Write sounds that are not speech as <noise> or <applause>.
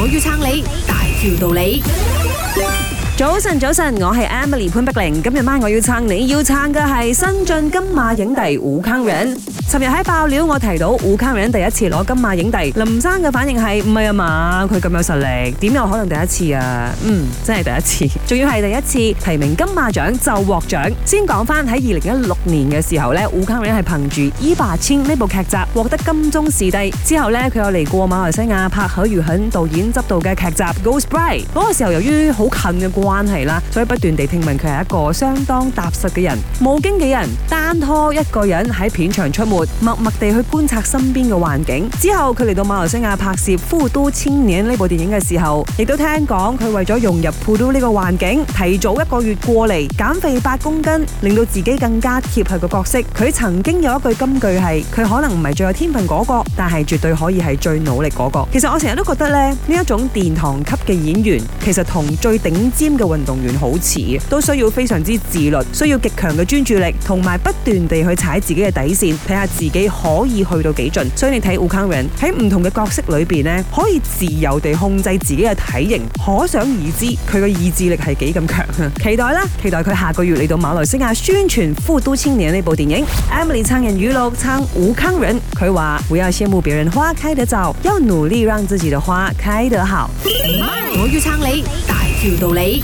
我要撐你，大條道理。早晨，早晨，我係 Emily 潘碧玲。今日晚我要唱，你要唱嘅係新晉金馬影帝胡康仁。尋日喺爆料我提到胡康仁第一次攞金馬影帝，林生嘅反應係唔係啊嘛？佢咁有實力，點有可能第一次啊？嗯，真係第一次，仲要係第一次提名金馬獎就獲獎。先講翻喺二零一六年嘅時候呢，胡康仁係憑住《Eva 伊 a 千》呢部劇集獲得金鐘視帝。之後呢，佢又嚟過馬來西亞拍可如慶導演執導嘅劇集《Go s b r i t e 嗰個時候由於好近嘅過程。關係啦，所以不斷地聽聞佢係一個相當踏實嘅人，冇經紀人，單拖一個人喺片場出沒，默默地去觀察身邊嘅環境。之後佢嚟到馬來西亞拍攝《富都青年》呢部電影嘅時候，亦都聽講佢為咗融入富都呢個環境，提早一個月過嚟減肥八公斤，令到自己更加貼合個角色。佢曾經有一句金句係：佢可能唔係最有天分嗰、那個，但係絕對可以係最努力嗰、那個。其實我成日都覺得咧，呢一種殿堂級嘅演員，其實同最頂尖嘅運動員好似都需要非常之自律，需要極強嘅專注力，同埋不斷地去踩自己嘅底線，睇下自己可以去到幾盡。所以你睇吳慷仁喺唔同嘅角色裏邊呢，可以自由地控制自己嘅體型，可想而知佢嘅意志力係幾咁強。期待啦，期待佢下個月嚟到馬來西亞宣傳《富都青年》呢部電影。 <music> Emily 撐人語錄撐吳慷仁，佢話：唔好羨慕別人，花開得早，要努力讓自己的花開得好。我要撐你。有道理。